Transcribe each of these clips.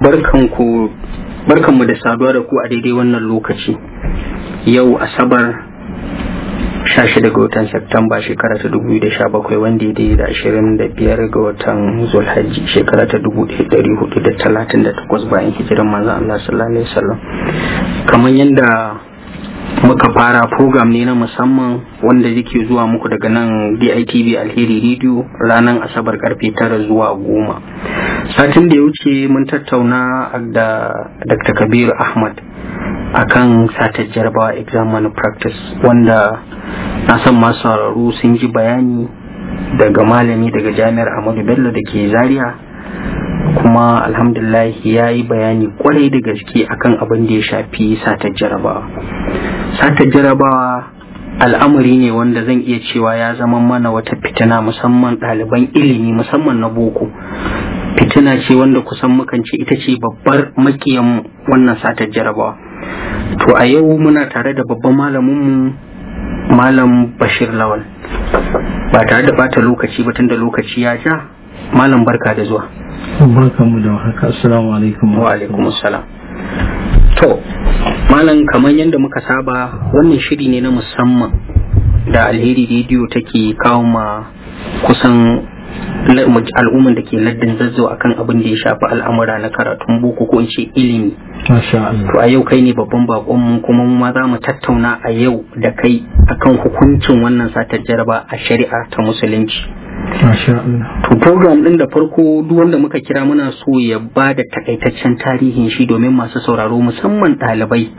mu da saduwa da ku a daidai wannan lokaci yau asabar 16 ga watan Satumba shekara ta 2017 wanda ya daidai da 25 ga watan Zulhajji shekara ta 1438 bayan hijiran manzon Allah sallallahu alaihi wasallam kamar yadda muka fara program ne na musamman wanda yake zuwa muku daga nan DITV Alheri Radio ranar Asabar karfe tara zuwa goma. Satin da ya wuce mun tattauna da Dr. Kabir Ahmad akan satar jarabawa exam malpractice wanda na san masu sauraro sun ji bayani daga malami daga jami'ar Ahmadu Bello da ke Zaria kuma alhamdulillah ya yi bayani kwarai da gaske akan abin da ya shafi satar jarabawa satar jarabawa al'amari ne wanda zan iya cewa ya zama mana wata fitina musamman ɗaliban ilimi musamman na boko fitina ce wanda kusan mukan ce ita ce babbar makiyan wannan satar jarabawa to a yau muna tare da babban mu, malam bashir lawal ba tare da bata lokaci ba tun da lokaci ya ja malam barka da zuwa barka mu da haka assalamu alaikum wa alaikum assalam to malam kamar yadda muka saba wannan shiri ne na musamman da alheri rediyo take kawo ma kusan al'umman da ke laddin zazzo akan abin da ya shafi al'amura na karatun boko ko in ce ilimi to a yau kai ne babban bakon mu kuma mu ma za mu tattauna a yau da kai akan hukuncin wannan satar jaraba a shari'a ta musulunci To program ɗin da farko duk wanda muka kira muna so ya ba da takaitaccen tarihin shi domin masu sauraro musamman ɗalibai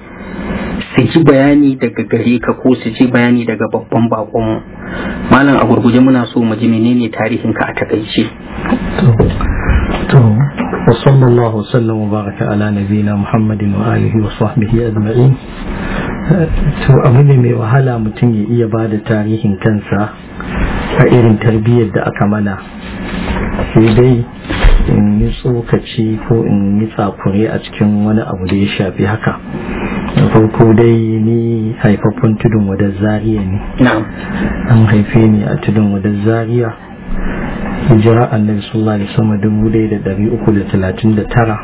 su ji bayani daga gare ka ko su ji bayani daga babban bakon Malam a gurguje muna so mu ji menene tarihin ka a takaice. To, wa sallallahu sallam wa baraka ala nabiyina Muhammadin wa alihi wa sahbihi ajma'in. To abu ne mai wahala mutum ya iya ba da tarihin kansa a irin tarbiyyar da aka mana sai dai in yi tsokaci ko in yi tsakure a cikin wani abu da ya shafi haka da farko dai ni haifaffen tudun wadar zariya ne an haife ni a tudun wadar zariya hijira annabi sallallahu alaihi wasallam dubu daya da dari uku da talatin da tara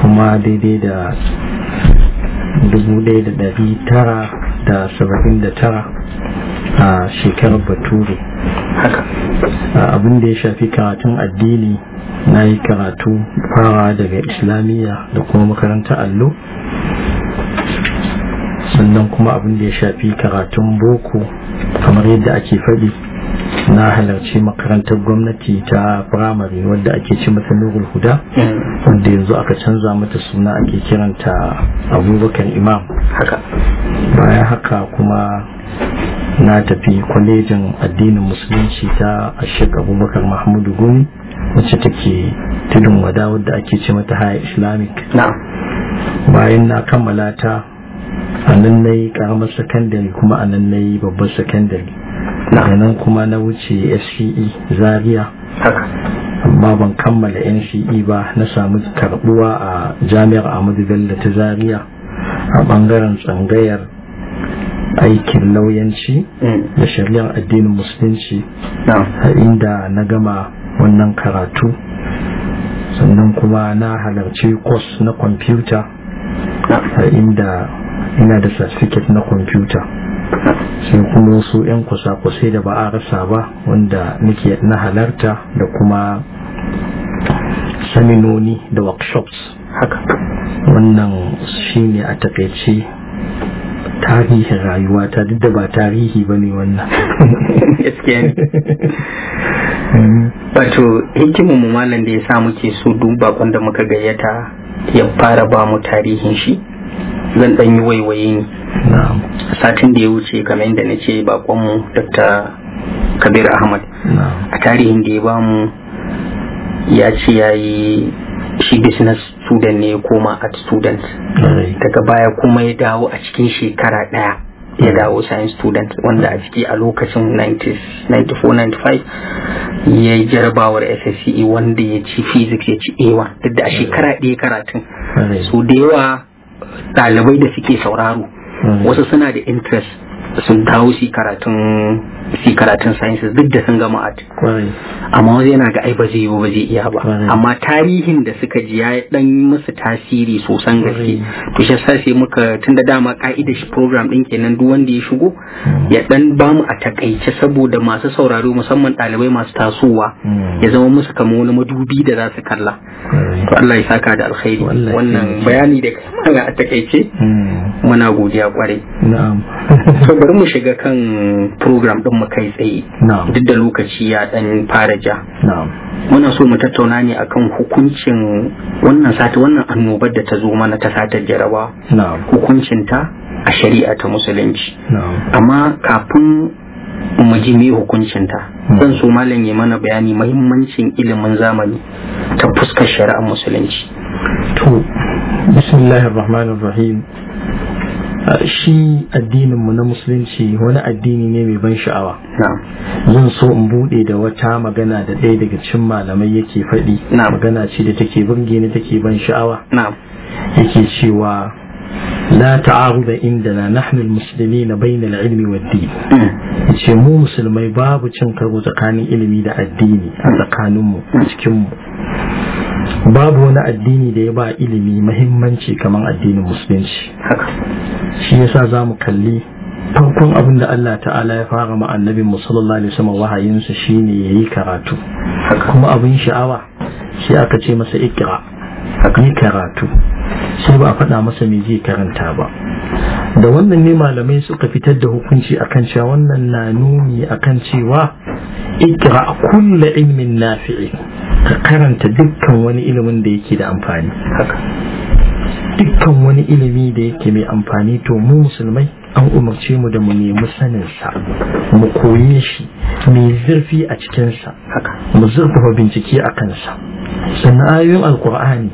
kuma daidai da dubu daya da dari tara da saba'in da tara a shekarar bature haka abin da ya shafi karatun addini na yi karatu fara daga islamiyya da kuma makaranta allo sannan kuma abin da ya shafi karatun boko kamar yadda ake faɗi na halarci makarantar gwamnati ta firamare wadda ake ci mata nurul huda mm. wanda yanzu aka canza mata suna ake kiranta abubakar imam haka bayan haka kuma na tafi kwalejin addinin musulunci ta ashek abubakar mahmudu gumi wacce take tudun wada wadda ake ce mata haya islamic bayan na kammala ta a nan na yi karamar sakandare kuma a nan na yi babbar sakandare na nan kuma na wuce sce zaria amma ban kammala nce ba na samu karbuwa a jami'ar ahmadu bello ta zaria a bangaren tsangayar aikin lauyanci mm. da shari'ar addinin musulunci a inda na gama wannan karatu sannan kuma na halarci kwas na kwamfuta a inda ina da certificate na kwamfuta sai kuma wasu 'yan kusa-kusai da ba a rasa ba wanda nake na halarta da kuma saminoni da workshops haka wannan shine a takaice tarihin rayuwa ta duk da ba tarihi ba ne wannan gaskiya ne mm. wato hikimin mu malam da ya sa muke so duk bakon da muka gayyata ya fara ba mu tarihin shi zan dan yi waiwaye ne satin da ya wuce kamar yadda na ce bakon mu dr kabir ahmad a tarihin da ya ba mu ya ce ya yi shi business student ne ya koma a student daga baya kuma ya dawo a cikin shekara ɗaya ya mm. dawo science student wanda a ciki a lokacin 94-95 ya yi jarabawar SSCE wanda ya ci physics ya ci A1 duk da a mm. shekara ɗaya karatun su da yawa ɗalibai da suke sauraro mm. wasu suna da interest sun dawo shi karatun su karatun sciences duk da sun gama art amma wasu yana ga ai ba zai yiwu ba zai iya ba amma tarihin da suka ji ya dan musu tasiri sosan gaske to shi yasa sai muka tunda dama ka'idar shi program din kenan duk wanda ya shigo hmm. ya dan ba mu a takaice saboda masu sauraro musamman dalibai masu tasowa hmm. ya zama musu kamar wani madubi da za su kalla to Allah ya saka da alkhairi wannan bayani da kamar a takaice hmm. muna godiya kwarai na'am to bari mu shiga kan program din mu kai tsaye duk da lokaci ya dan fara ja muna so mu tattauna ne akan hukuncin wannan sati wannan annobar da ta zo mana ta satar jaraba hukuncin ta a shari'a ta musulunci amma kafin mu ji me hukuncin ta hmm. zan so malam ya mana bayani muhimmancin ilimin zamani ta fuskar shari'ar musulunci to bismillahir rahmanir rahim shi addinin mu na musulunci wani addini ne mai ban sha'awa zan so in bude da wata magana da ɗaya daga cikin malamai yake faɗi magana ce da take burge ni take ban sha'awa yake cewa la inda na nahnu na bayna al ilmi wa ad-din hmm. ce mu musulmai babu cin karo tsakanin ilimi da addini a tsakaninmu a cikin mu babu wani addini da ya ba ilimi mahimmanci kamar addinin musulunci shi yasa za mu kalli farkon abin da Allah ta'ala ya fara ma annabin mu sama wahayinsa shi ne ya yayi karatu kuma abin sha'awa sai aka ce masa ikra yi karatu sai ba a faɗa masa mai zai karanta ba da wannan ne malamai suka fitar da hukunci akan cewa wannan na nuni akan cewa ikra kullu ilmin nafi'i ka karanta dukkan wani ilimin da yake da amfani haka dukkan wani ilimi da yake mai amfani to mu musulmai an umarce mu da mu nemi sa mu koye shi mai zurfi a cikin cikinsa mu zurfafa bincike a kansa sannan ayoyin alkur'ani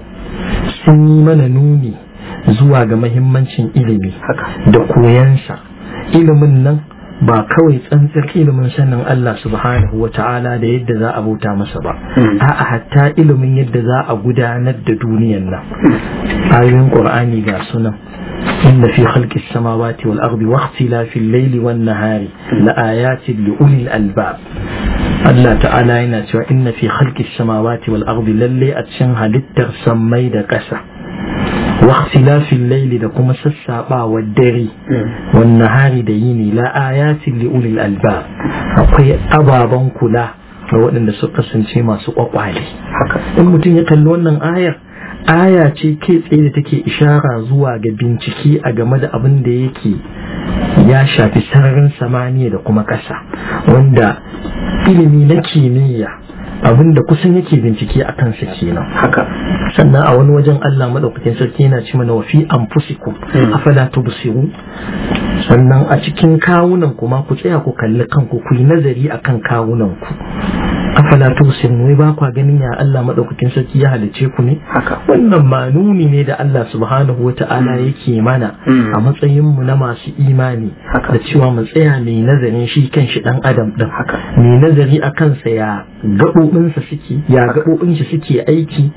sun yi mana nuni zuwa ga mahimmancin ilimi da koyansa ilimin nan ba kawai tsantsar ilimin sanin Allah subhanahu wa ta'ala da yadda za a bauta masa ba a'a hatta ilimin yadda za a gudanar da duniyan nan ayoyin qur'ani ga sunan inda fi khalqis samawati wal ardi wa ikhtilafil layli wan nahari la ayatin li ulil albab Allah ta'ala yana cewa inna fi khalqis samawati wal ardi lalle a cikin halittar sammai da ƙasa واختلاف الليل دا كما سسابا والدري والنهار دا يني لا آيات لأولي Akwai أقوي kula ga waɗanda suka kasance masu ƙwaƙwale in mutum ya kalli wannan ayar aya ce kai tsaye da take ishara zuwa ga bincike a game da abin da yake ya shafi sararin samaniya da kuma ƙasa wanda ilimi na kimiyya abinda kusan yake bincike a kansa kenan haka sannan a wani wajen Allah madaukakin sarki yana ce mana wafi anfusikum hmm. afala tubsiru sannan a cikin kawunan ku ma ku tsaya ku kalli kanku ku yi nazari akan kawunan ku afala tusin wai ba kwa ganin ya Allah madaukakin sarki ya halice ku ne wannan ma nuni ne da Allah subhanahu wata'ala hmm. yake mana hmm. a matsayin mu na masu imani da cewa mu tsaya mai nazarin shi kan shi dan adam din mai nazari a kansa ya gabobin sa suke ya gabobin shi suke aiki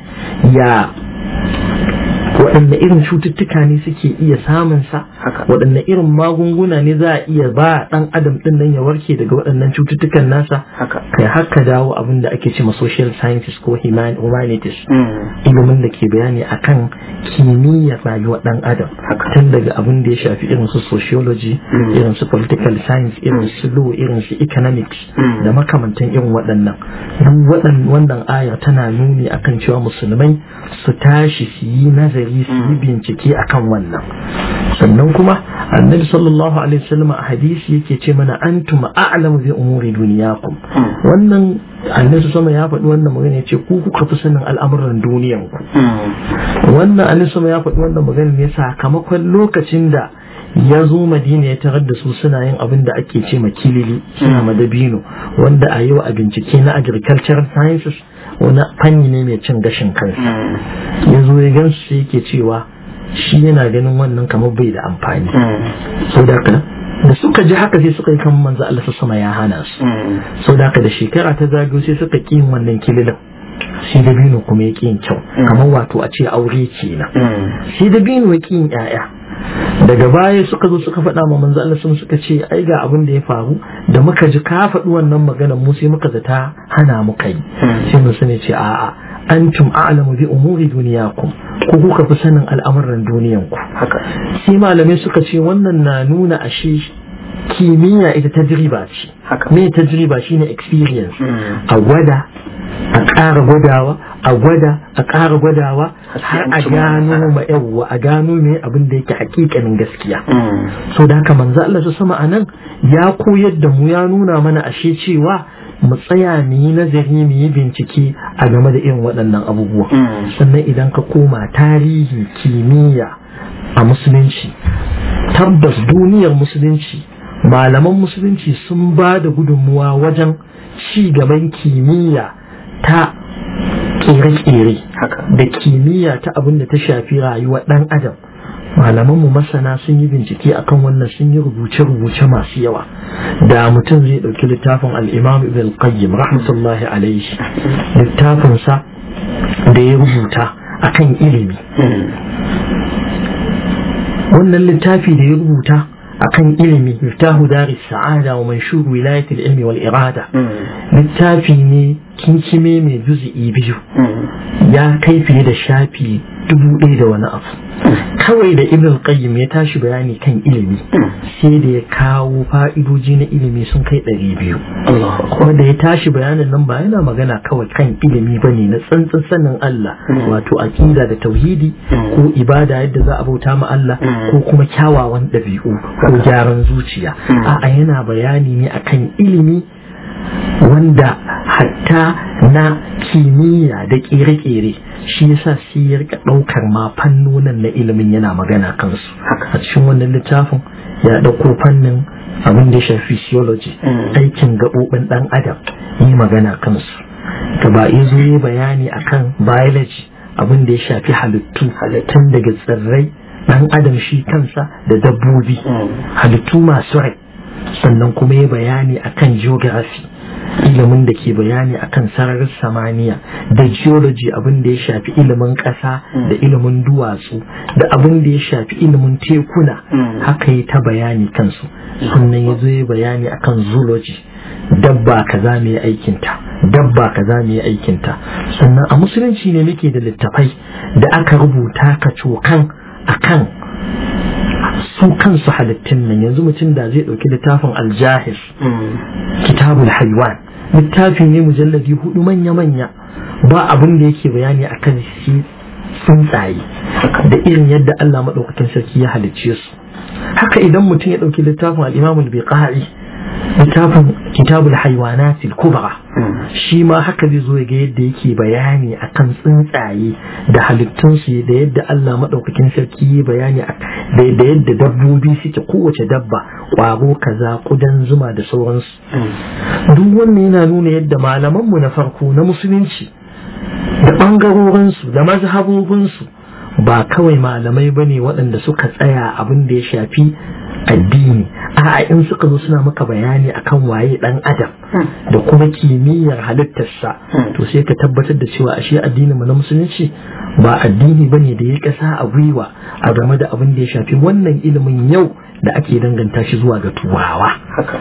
ya waɗanne irin cututtuka ne suke iya samun sa waɗanne irin magunguna ne za a iya ba ɗan adam ɗin nan ya warke daga waɗannan cututtukan nasa kai haka dawo abin da ake cewa social sciences ko humanities mm. ilimin da ke bayani akan kimiyyar rayuwar ɗan adam tun daga abin da ya shafi irin su sociology mm. irin su political science irin su law irin su economics mm. da makamantan irin waɗannan duk wannan ayar tana nuni akan cewa musulmai su tashi su yi nazari nazari su yi mm. bincike akan wannan sannan kuma annabi sallallahu alaihi wasallam a hadisi yake ce mana antum a'lamu bi umuri dunyakum mm. wannan annabi sama ya faɗi wannan magana ya ce ku kuka fi sanin al'amuran duniyan ku mm. wannan annabi sama ya faɗi wannan magana ne sakamakon lokacin da ya zo madina ya tarar da su suna yin abin da ake ce ma kilili suna madabino wanda a yau a bincike na agricultural sciences wani fanyi ne mai cin gashin kansa ya zo ya gan su yake cewa shi yana ganin wannan kamar bai da amfani sau da suka ji haka sai suka yi kan manzo Allah sama ya hana su sau da da shekara ta zagi sai suka ƙi wannan kililin shi da kuma ya ƙi kyau kamar wato a ce aure kenan shi da bino ya ƙi 'ya'ya daga baya suka zo suka faɗa ma manzo Allah sun suka ce ai ga abin da ya faru da muka ji ka faɗi wannan maganar mu sai muka zata hana mu kai hmm. sai mun sani ce a'a antum a'lamu bi umuri duniyakum ku kuka fi sanin al'amuran duniyanku haka sai malamai suka ce wannan na nuna ashe kimiyya ita tajriba ce me tajriba shine experience hmm. a gwada a ƙara gwadawa a gwada a ƙara gwadawa har a gano ma yawwa a gano me abin da yake hakikanin gaskiya hmm. so da haka manzo Allah sama a nan ya koyar da mu ya nuna mana ashe cewa mu tsaya mu yi nazari mu yi bincike a game da irin waɗannan abubuwa hmm. sannan idan ka koma tarihi kimiyya a musulunci tabbas duniyar musulunci malaman musulunci sun ba da gudunmuwa wajen ci gaban kimiyya ta kere-kere da kimiyya ta abin da ta shafi rayuwa ɗan adam malaman mu masana sun yi bincike akan wannan sun yi rubuce-rubuce masu yawa da mutum zai ɗauki littafin al'imam ibn qayyim rahmatullahi alaihi littafinsa da ya rubuta akan ilimi hmm. wannan littafi da ya rubuta أقن إلمي مفتاح دار السعادة ومنشور ولاية العلم والإرادة من سافيني kinkime mai juzi'i biyu mm. ya kai fiye da shafi dubu ɗaya da wani abu mm. kawai da ibn qayyim ya tashi bayani kan ilimi mm. sai da ya kawo fa'idoji na ilimi sun kai ɗari biyu kuma da ya tashi bayanin nan ba yana magana kawai kan ilimi ba ne na tsantsan sanin Allah wato aƙida da tauhidi ko ibada yadda za a bauta ma Allah ko kuma kyawawan ɗabi'u ko gyaran zuciya a'a yana bayani ne akan ilimi wanda hatta na kimiyya da kere-kere shi yasa shi ya rika ɗaukar ma fannonin na ilimin yana magana kansu a cikin wannan littafin ya dauko fannin abin da ya shafi physiology mm. aikin gaɓoɓin dan adam yi magana kansu ta ba zo yi bayani akan biology abin da ya shafi halittu halittun daga tsirrai dan adam shi kansa da dabbobi mm. halittu masu rai sannan kuma ya bayani akan geography ilimin da ke bayani akan sararin samaniya da geology abin da ya shafi ilimin ƙasa mm. da ilimin duwatsu da abin da ya shafi ilimin tekuna mm. haka yi ta bayani kansu sannan ya zo ya bayani akan zoology dabba ka kaza mai aikinta dabba ka kaza mai aikinta sannan a musulunci ne muke da littafai da aka rubuta ka cokan akan su kansu halittun nan yanzu mutum da zai ɗauki littafin aljahis kitabul haiwan littafi ne mujalladi hudu manya-manya ba abin da yake bayani a kan shi tsuntsaye da irin yadda Allah maɗaukakin sarki ya halicce su haka idan mutum ya ɗauki littafin al'imamul biqa'i littafin kitabul haywanatil kubra hmm. shi ma haka zai zo ga yadda yake bayani akan tsuntsaye da halittun su da yadda Allah madaukakin sarki ya bayani da yadda dabbobi suke kowace dabba kwaro kaza kudan zuma da sauransu hmm. duk wannan yana nuna yadda malaman mu na farko na musulunci da bangarorin su da mazhabobin su ba kawai malamai bane waɗanda suka tsaya abin da ya shafi addini a'a in suka zo suna maka bayani akan waye dan adam hmm. da kuma kimiyyar halittarsa hmm. to sai ka tabbatar da cewa ashe addinin mu na musulunci ba addini bane da ya kasa a gwiwa a game da abin da ya shafi wannan ilimin yau da ake danganta shi zuwa ga turawa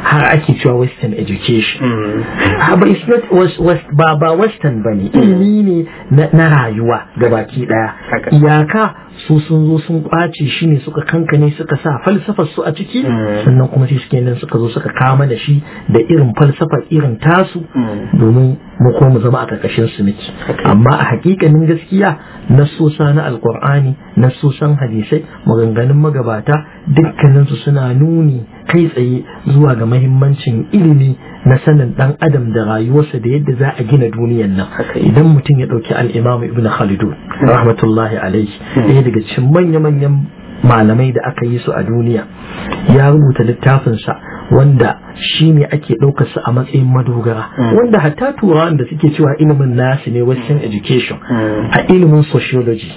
har ake cewa western education hmm. ah, ba ba ba western bane ilimi ne na rayuwa gabaki daya iyaka su sun zo sun kwace shi ne suka kankane suka sa falsafar su a ciki mm. sannan kuma sai suke nan suka zo suka kama da shi da irin falsafar irin tasu mm. domin mu mu zama a karkashin su miki amma a hakikanin gaskiya na sosa na alkur'ani sosan hadisai maganganun magabata dukkaninsu suna nuni kai tsaye zuwa ga mahimmancin ilimi na sanin dan adam da rayuwarsa da yadda za a gina duniyar nan idan mutum ya dauki al-imam ibn khaldun rahmatullahi alaihi ɗaya daga cikin manya-manyan malamai da aka yi su a duniya ya rubuta littafinsa wanda shi ne ake ɗaukar su a matsayin madogara hmm. wanda hatta turawan da suke cewa ilimin nasu ne western education hmm. a ilimin sociology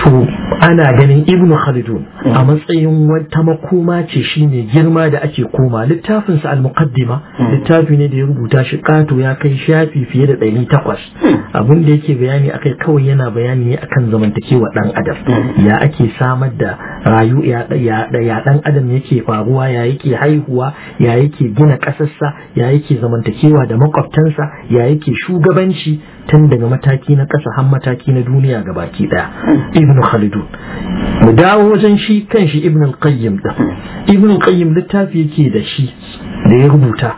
to ana ganin ibnu khalidun a matsayin wata makoma ce shine girma da ake koma littafinsa sa al-muqaddima hmm. littafi ne da ya rubuta shi kato ya kai shafi fiye da 800 hmm. abin da yake bayani akai kawai yana bayani ne akan zamantakewa dan adam hmm. ya ake samar da rayu ya dan adam yake faruwa ya yake haihuwa ya yake gina kasarsa ya yake zamantakewa da makwabtansa ya yake shugabanci tun daga mataki na ƙasa har mataki na duniya ga baki ɗaya ibn khalidun mu dawo wajen shi kan shi ibn al-qayyim ibn al-qayyim littafi yake da shi da ya rubuta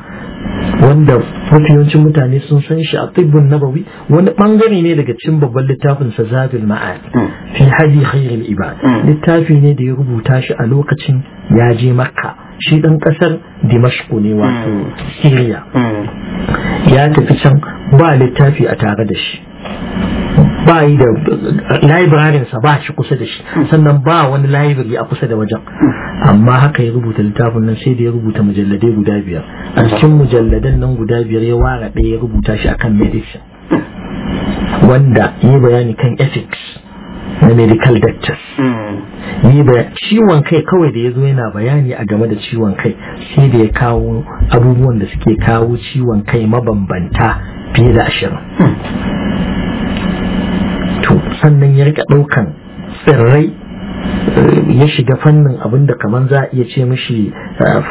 wanda mafi yawancin mutane sun san shi a tibbun nabawi wani bangare ne daga cikin babban littafin sa zadul ma'ad hmm. fi hadi khairul ibad hmm. littafi ne da ya rubuta shi a lokacin ya je makka shi dan kasar dimashku ne wato hmm. syria ya tafi can ba littafi a tare da shi ba yi da sa ba shi kusa da shi sannan ba wani library a kusa da wajen amma haka ya rubuta littafin nan sai da ya rubuta mujalladai guda biyar a cikin mujalladan nan guda biyar Munzir ya wara ɗaya ya rubuta shi akan medicine wanda yi bayani kan ethics na medical doctors hmm. yi da ciwon kai kawai da ya zo yana bayani a game da ciwon kai sai da ya kawo abubuwan da suke kawo ciwon kai mabambanta fiye da ashirin hmm. to sannan ya rika ɗaukan tsirrai eh, ya shiga fannin abinda da kamar za a iya ce mashi eh,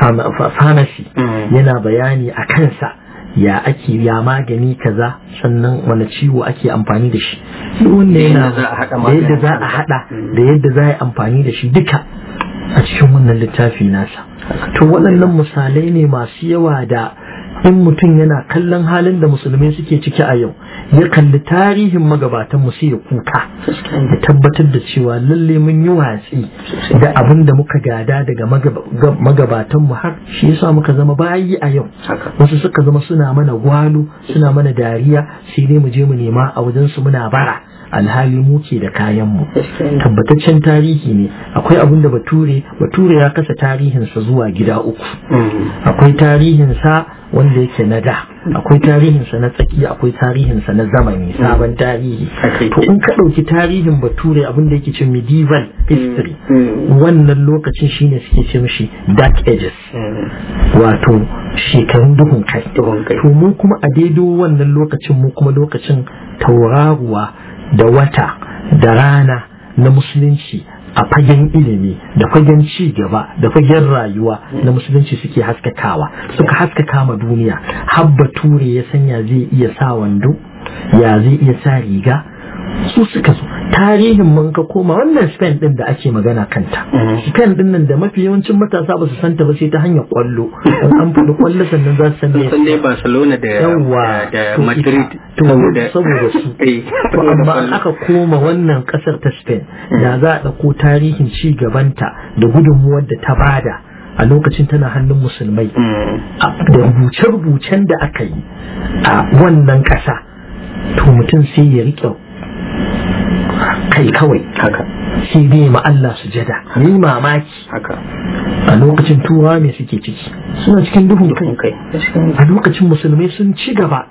pharmacy hmm. yana bayani a kansa ya ake ya magani kaza sannan wani ciwo ake amfani da shi yana da yadda za a hada mm. da yadda za a yi amfani da shi duka a cikin wannan littafi nasa to waɗannan misalai ne masu yawa da in mutum yana kallon halin da musulmai suke ciki a yau ya kalli tarihin magabatan mu ya kuka ya tabbatar da cewa lalle mun yi watsi da abin da muka gada daga magabatan mu har shi yasa muka zama bayi a yau wasu suka zama suna mana gwalo suna mana dariya sai dai mu je mu nema a wajen su muna bara alhali muke da kayan mu. tabbataccen tarihi ne akwai abin da bature bature ya kasa sa zuwa gida uku mm. akwai tarihin sa wanda yake na da akwai tarihinsa na tsaki akwai tarihinsa na zamani mm. sabon tarihi to in ka ɗauki tarihin bature abin da yake ce medieval mm. history wannan lokacin shine suke ce mishi dark ages wato shekarun duhun kai to mu kuma a daidai wannan lokacin mu kuma lokacin tauraruwa da wata da rana na musulunci a fagen ilimi da fagen ci gaba da fagen rayuwa na musulunci suke haskakawa suka haskaka ma duniya habba ture ya sanya zai iya sa wando ya zai iya sa riga su suka zo tarihin mun ka koma wannan Spain din da ake magana kanta mm-hmm. Spain din nan da mafi yawancin matasa ba su santa ba sai ta hanyar kwallo an faɗi kwallo sannan za su san ne sun ne Barcelona da da Madrid to saboda su eh, to amma aka koma wannan kasar ta Spain mm. da za a ɗauko tarihin ci gabanta da gudunmuwar da ta bada a lokacin tana hannun musulmai mm. da rubuce-rubucen da aka yi a wannan kasa to mutum sai ya riƙe kai kawai haka shi ne ma Allah jada. ni mamaki haka a lokacin turawa me suke ciki suna cikin duhun kai a lokacin musulmi sun ci gaba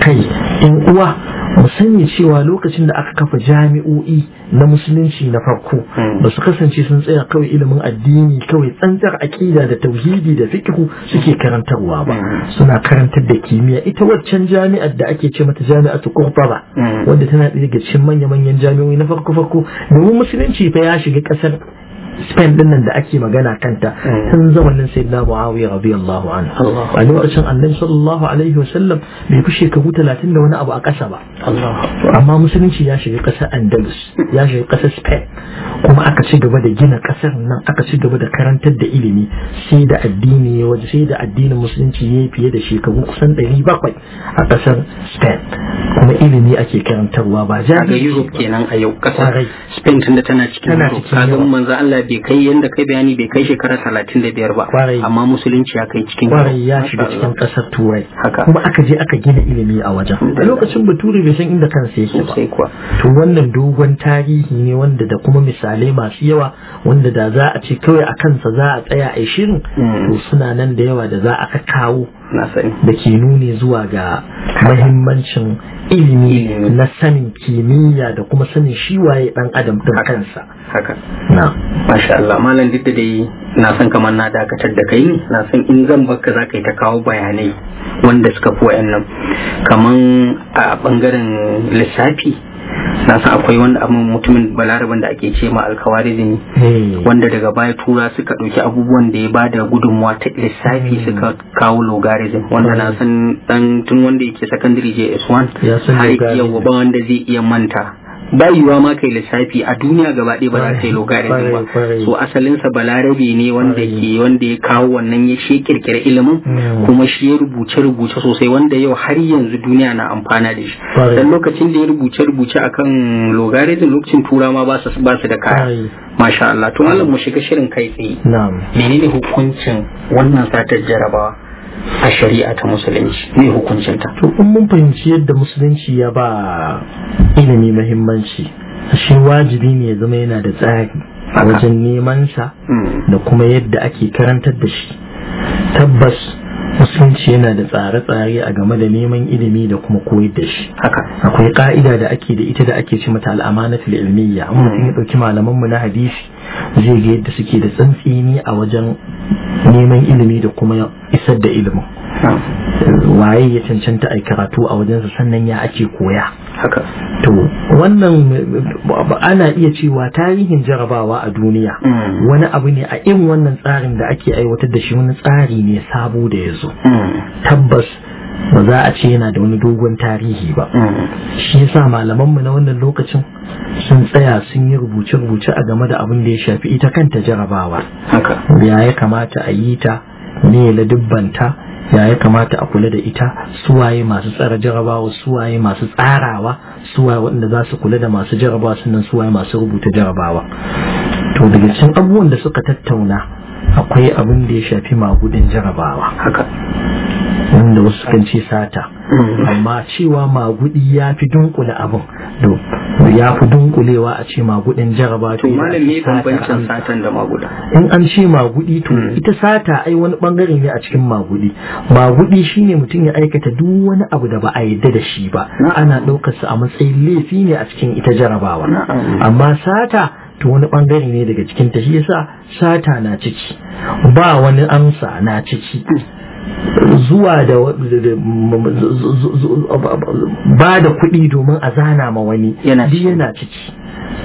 kai in uwa mu sani cewa lokacin da aka kafa jami'o'i na musulunci na farko hmm. ba su kasance sun tsaya kawai ilimin addini kawai tsantsar aƙida da tauhidi da fikihu suke karantarwa ba hmm. suna karantar da kimiyya ita waccan jami'ar da ake ce mata jami'atu ba hmm. wadda tana ɗaya daga cikin manya-manyan jami'o'i na farko farko domin musulunci fa ya shiga ƙasar spain din nan da ake magana kanta mm. tun zamanin sayyidina muawiya radiyallahu anhu a lokacin annabi sallallahu alaihi wa sallam. bai fi shekaru talatin da wani abu a kasa ba amma musulunci ya shiga ƙasar andalus ya shiga ƙasar spain kuma aka ci gaba da gina ƙasar nan aka ci gaba da karantar da ilimi sai da addini waje sai da addinin musulunci ya fiye da shekaru kusan ɗari bakwai a ƙasar spain kuma ilimi ake karantarwa ba ja ga europe kenan a yau ƙasar spain tunda tana cikin tana cikin manzo Allah bai kai yadda kai bayani bai kai shekara talatin da biyar ba amma musulunci ya kai cikin kwarai ya shiga cikin kasar turai kuma aka je aka gina ilimi a wajen a lokacin baturi bai san inda kansa yake ba to wannan dogon tarihi ne wanda da kuma misalai masu yawa wanda da za a ce kawai a kansa za a tsaya a shirin mm. to suna nan da yawa da za a kawo da ke nuni zuwa ga mahimmancin ilimi na sanin kimiyya da kuma sanin shiwaye waye dan adam din kansa haka na masha Allah malam duk da dai na san kamar na dakatar da kai ne na san in zan baka za ka yi ta kawo bayanai wanda suka fi wayannan kaman a bangaren lissafi na san akwai wanda abin mutumin balaraban da ake ce ma ne hmm. wanda daga baya tura suka ɗauki abubuwan da ya ba da gudunmuwa ta lissafi hmm. suka kawo logarithm wanda na hmm. san dan tun wanda yake secondary js1 har yawa ba wanda zai iya manta bayuwa ma kai lissafi a duniya gaba ɗaya ba za ka yi logarithm ba so asalinsa balarabe ne wanda ke wanda ya kawo wannan ya she kirkira ilimin hmm. kuma shi ya rubuce rubuce sosai wanda yau har yanzu duniya na amfana da shi dan lokacin da ya rubuce rubuce akan logarithm lokacin tura ma ba su ba su da kaya masha Allah to Allah mu shiga shirin kai tsaye menene hukuncin wannan satar jarabawa a shari'a ta musulunci ne ta to in mun fahimci yadda musulunci ya ba ilimi muhimmanci shi wajibi ne ya zama yana da tsari wajen neman sa hmm. da kuma yadda ake karantar da shi tabbas musulunci yana da tsare-tsare a game da neman ilimi da kuma koyar da shi haka akwai ka'ida da ake da ita da ake ce mata al'amanatul ilmiyya amma mutum ya dauki hmm. malaman mu na hadisi zai ga yadda suke da tsantsini a wajen neman ilimi da kuma isar da ilimin waye ya cancanta a karatu a wajensa sannan ya ake koya haka to wannan ana iya cewa tarihin jarabawa a duniya mm. wani abu ne a irin wannan tsarin da ake aiwatar da shi wani tsari ne sabo da ya zo mm. tabbas ba za a ce yana da wani dogon tarihi ba mm. shi yasa malamanmu na wannan lokacin sun tsaya sun yi rubuce-rubuce a game da abin da ya shafi ita kanta jarabawa ya ya kamata a yi ta me dubbanta ya ya kamata a kula da ita suwaye masu tsara jarabawa suwaye masu tsarawa suwaye waɗanda za su kula da masu jarabawa sannan suwaye masu rubuta jarabawa to daga cikin abubuwan da suka tattauna akwai abin da ya shafi magudin jarabawa haka wanda wasu kan ce sata mm. amma cewa magudi ya fi dunkule abin ya fi dunkulewa a ce magudin jaraba to malam ne bambancin satan da maguda in an ce magudi to mm. ita sata ai wani bangare ne a cikin magudi magudi shine mutum ya aikata duk wani abu da ba a yadda da shi ba ana daukar sa a matsayin laifi ne a cikin ita jarabawa amma sata to wani bangare ne daga cikin ta shi yasa sata na ciki ba wani amsa na ciki mm. zuwa da ba da kuɗi domin a zana ma wani yana ciki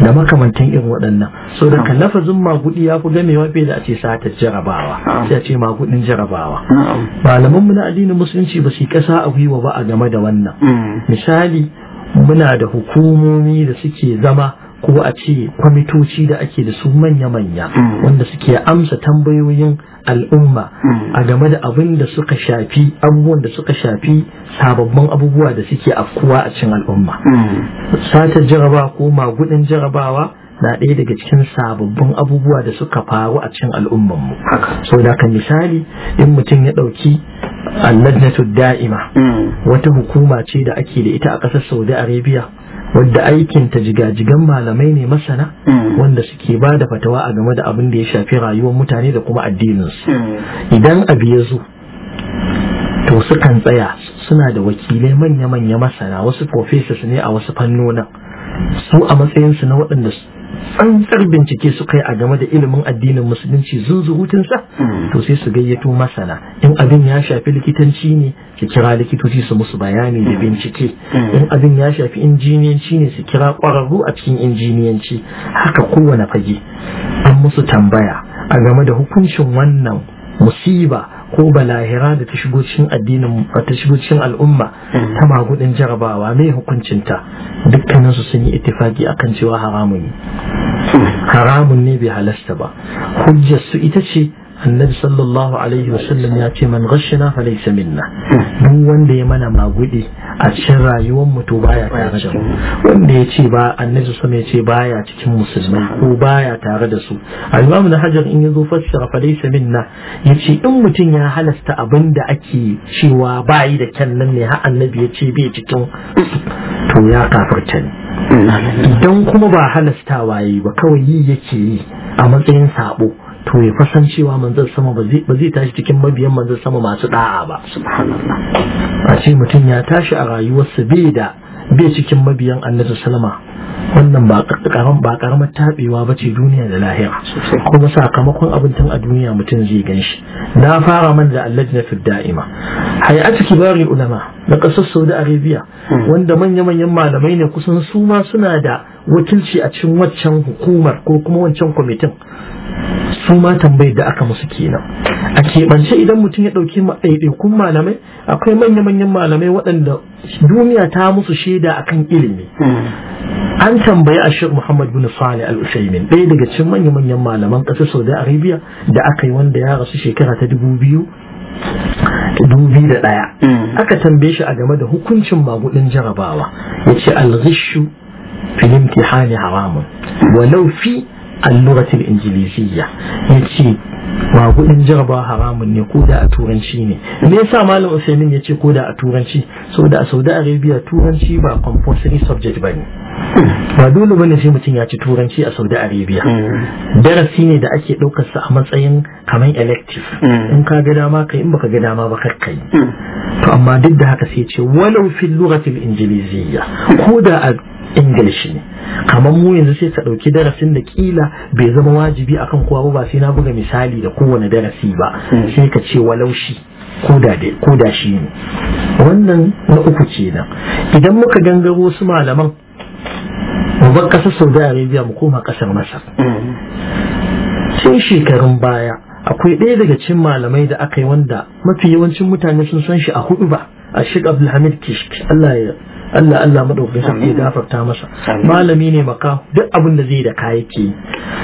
da makamantan irin waɗannan so da ka lafazin magudi ya fi game wafe da a ce satar jarabawa sai a ce magudin jarabawa malaman mu na addinin musulunci ba su yi ƙasa a gwiwa ba a game da wannan mm. misali muna da hukumomi da suke zama ko a ce kwamitoci da ake da su manya-manya mm. wanda suke amsa tambayoyin al'umma mm. a game da abin da suka shafi abubuwan da suka shafi sababbin abubuwa da suke afkuwa a cikin al'umma mm. sata jaraba ko magudin jarabawa na ɗaya daga cikin sababbin abubuwa da suka faru a cikin al'ummanmu so da ka misali in mutum ya ɗauki Mm. Wata hukuma da'ima ce da ake da ita a ƙasar Saudi Arabia wadda aikin ta jigajigan malamai ne masana mm. wanda suke ba da fatawa a game da abin da ya shafi rayuwar mutane da kuma addininsu mm. idan abu ya zo to sukan tsaya suna da wakilai manya-manya masana wasu professors ne a wasu fannonin su a matsayinsu na waɗanda tsantsar bincike su kai a game da ilimin addinin musulunci zunzurutunsa hmm. to sai su gayyato masana in abin ya shafi likitanci ne su kira likitoci su musu bayani da hmm. bincike hmm. in abin ya shafi injiniyanci ne su kira ƙwararru a cikin injiniyanci haka kowane fage an musu tambaya a game da hukuncin wannan musiba ko balahira da ta shigo cikin addinin ta shigo cikin al'umma ta magudin jarabawa mai hukuncinta dukkanin su sun yi ittifaki akan cewa haramun ne hmm. haramun ne bai halasta ba hujjar su ita ce annabi sallallahu alaihi wasallam ya ce man ghashina fa laysa minna duk wanda ya mana magudi a cikin rayuwar mu to baya tare da mu wanda ya ce ba annabi sun ya ce baya cikin musulmai ko baya tare da su al-imam hajar in yazo fassara fa laysa minna yace in mutum ya halasta abin da ake cewa bayi da kyan nan ne har annabi ya ce bai cikin to ya kafirta ne idan kuma ba halasta waye ba kawai yi yake yi a matsayin sabo to ya fasan cewa manzon sama ba zai tashi cikin mabiyan manzon sama masu da'a ba a ce mutum ya tashi a rayuwarsa bai da bai cikin mabiyan annabi sallama wannan ba karamar taɓewa ba ce duniya da lahira kuma sakamakon abin tun a duniya mutum zai ganshi. na fara man da allaji na fidda'ima hayatu kibari ulama na ƙasar saudi arabia hmm. wanda manya-manyan malamai ne kusan su ma suna da wakilci a cikin waccan hukumar ko kuma waccan kwamitin su ma tambayar da aka musu kenan a keɓance idan mutum ya ɗauki ɗaiɗaikun malamai akwai manya-manyan malamai waɗanda duniya ta musu shaida akan ilimi hmm. an tambayi a shek muhammad bin sali al-usaimin ɗaya daga cikin manyan manyan malaman ƙasar saudi arabia da aka yi wanda ya rasu shekara ta dubu biyu aka tambaye shi a game da hukuncin magudin jarabawa ya ce al-ghishu fi imtihani haramun walau fi al-lughatil injiliziyya ya ce ba jarabawa haramun ne ko da a turanci ne me yasa malam usaimin ya ce ko da a turanci saboda a saudi arabia turanci ba compulsory subject ba ne ba dole bane sai mutum ya ci turanci a saudi arabia mm. darasi ne da ake ɗaukar sa a matsayin kamar elective mm. in ka ga dama kai in baka ga dama ba kai mm. to amma duk da haka sai ce walau fil lughatil injiliziyya ko da a ingilishi ne kamar mu yanzu sai ka ɗauki darasin da kila bai zama wajibi akan kowa ba sai na buga misali da kowane darasi ba hmm. sai ka ce walau shi ko da shi ne wannan na uku ce kenan idan muka gangaro su malaman mu bar kasar saudi arabia mu koma kasar masar hmm. sai shekarun baya akwai ɗaya daga cikin malamai da aka yi wanda mafi yawancin mutane sun san shi a hudu ba a shi abdulhamid kishki allah ya Allah Allah madaukakin sarki ya gafarta masa malami ne makaho duk abin da zai da kaya ke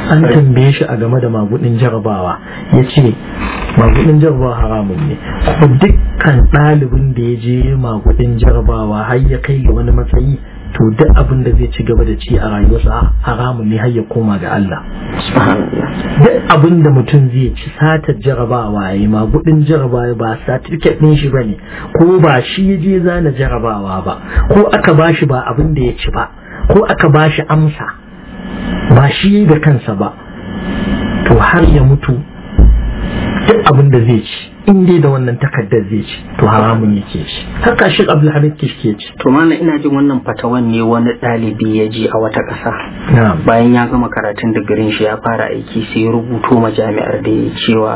an tambaye shi a game da magudin jarabawa ya ce magudin jarabawa haramun ne kuma dukkan ɗalibin da ya je magudin jarabawa har ya kai ga wani matsayi to duk abin da zai ci gaba da ci a rayuwarsa haramun ne har ya koma ga Allah duk abin da mutum zai ci satar jarabawa ya ma gudun jarabawa ba certificate din shi bane ko ba shi je zana jarabawa ba ko aka bashi ba abin da ya ci ba ko aka bashi amsa ba shi da kansa ba to har ya mutu duk abin da zai ci in dai da wannan takardar zai ci to haramun yake ci haka shi abdulhamid kish ke ce. to mana ina jin wannan fatawan ne wani ɗalibi ya ji a wata ƙasa bayan ya gama karatun digirin shi ya fara aiki sai rubuto ma jami'ar da ya cewa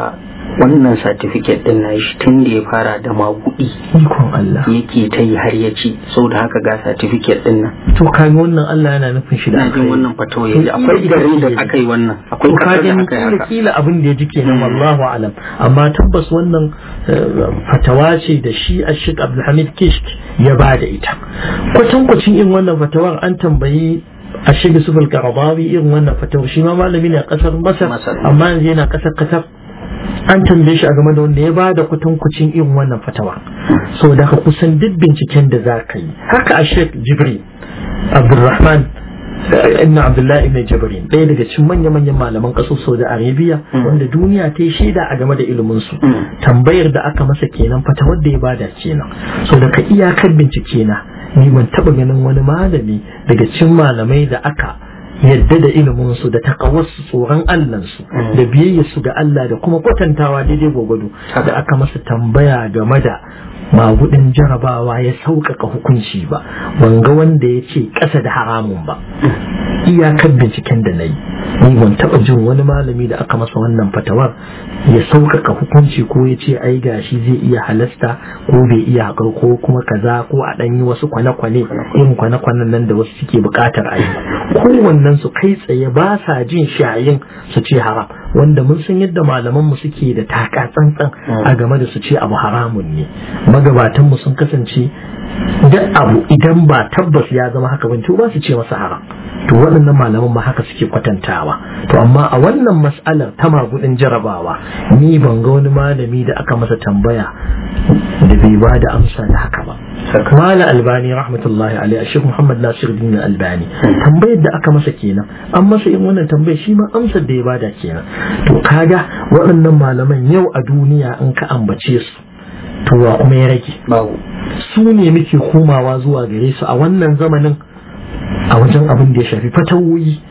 wannan certificate din na shi tun da ya fara da magudi yake ta yi har ya ci sau da haka ga certificate din nan to kaga wannan Allah yana nufin shi da aka yi wannan fatawa ya ji akwai garin da aka yi wannan akwai kasar da aka yi haka kila abin da ya ji kenan hmm. wallahu alam amma tabbas wannan eh, fatawa ce da shi Ashik Abdulhamid Kishk ya ba da ita kwatankwacin in wannan fatawar an tambayi a shiga sufal karabawi irin wannan fatawar shi ma malami ne a kasar masar amma yanzu yana kasar kasar an tambaye shi a game da wanda ya ba bada kucin irin wannan fatawa so da kusan duk binciken da za ka yi haka a shek jibri abdulrahman eh, inna abdullahi ibn jibrin ɗaya daga cikin manya-manyan malaman ƙasar saudi arabia mm. wanda duniya ta yi shaida a game da ilimin su mm. tambayar da aka masa kenan fatawar da ya bada kenan so ka iyakar bincike na ni ban taɓa ganin wani malami daga cikin malamai da aka yadda da iliminsu da takawarsu tsoron allansu mm. da biyayyarsu ga Allah da kuma kwatantawa daidai gwagwado da aka masa tambaya game da magudin jarabawa ya sauƙaƙa hukunci ba ban ga wanda ya ce ƙasa da haramun ba mm. iyakar binciken da na yi ni ban taɓa jin wani malami da aka masa wannan fatawar ya sauƙaƙa hukunci ko ya ce ai gashi zai iya halasta ko bai iya haƙar ko kuma kaza ko a ɗanyi wasu kwane-kwane irin kwane-kwanen nan da wasu suke buƙatar a yi kowannen su kai tsaye ba sa jin shayin su ce haram wanda mun san yadda malaman mu suke da taka tsantsan a game da su ce abu haramun ne magabatanmu sun kasance duk abu idan ba tabbas ya zama haka ba to ba su ce masa haram to waɗannan malaman ma haka suke kwatantawa to amma a wannan mas'alar ta magudin jarabawa ni ban ga wani malami da aka masa tambaya da bai ba da amsa da haka ba sakmala albani rahmatullahi alaihi shi muhammad nasir din albani tambayar da aka masa kenan an masa yin wannan tambayar shi ma amsar da ya bada kenan to kaga waɗannan malaman yau a duniya in ka ambace su to wa kuma ya rage su ne muke komawa zuwa gare su a wannan zamanin a wajen abin da ya shafi fatawoyi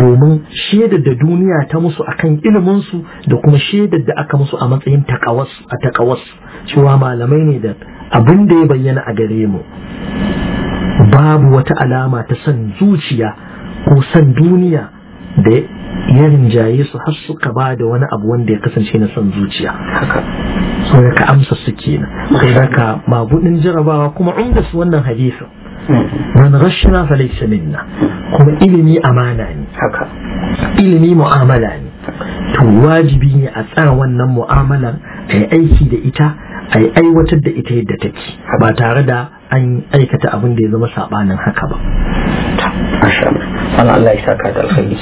domin shaidar da duniya ta musu akan iliminsu da kuma shaidar da aka musu a matsayin takawas a takawas cewa malamai ne da abin da ya bayyana a gare mu babu wata alama ta san zuciya ko san duniya da ya rinjaye su har suka ba da wani abu wanda ya kasance na son zuciya haka so ka amsa suke na. sai ka mabudin jarabawa kuma inda su wannan hadisin man rashina fa laysa minna kuma ilimi amana ne haka ilimi mu'amala ne to wajibi ne a tsara wannan mu'amalar a yi aiki da ita a yi aiwatar da ita yadda take ba tare da an aikata abin da ya zama sabanin haka ba masha Allah Allah ya saka da alkhairi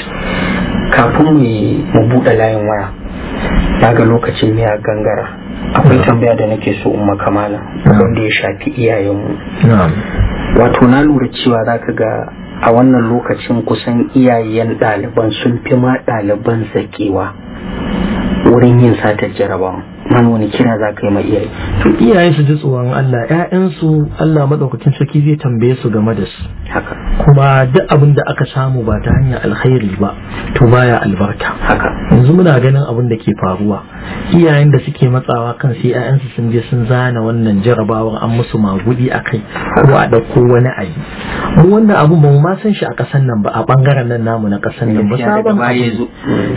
kafin mu buɗe layin waya na ga lokacin ya gangara akwai tambaya da nake so mu kamala wanda ya shafi iyayenmu wato na lura cewa za ka ga a wannan lokacin kusan iyayen ɗaliban sun fi ma ɗaliban zakewa wurin yin satar jarabawa nan wani kira za ka yi mai iyaye to iyaye su ji tsoron Allah yayansu Allah madaukakin sarki zai tambaye su game da su haka kuma duk abin da aka samu ba ta hanyar alkhairi ba to baya albarka haka yanzu muna ganin abin da ke faruwa iyayen da suke matsawa kan sai yayansu sun je sun zana wannan jarabawar an musu magudi akai ko a dauko wani ayi mu wannan abun ba mu ma san shi a ƙasar nan ba a bangaren nan namu na ƙasar nan ba sabon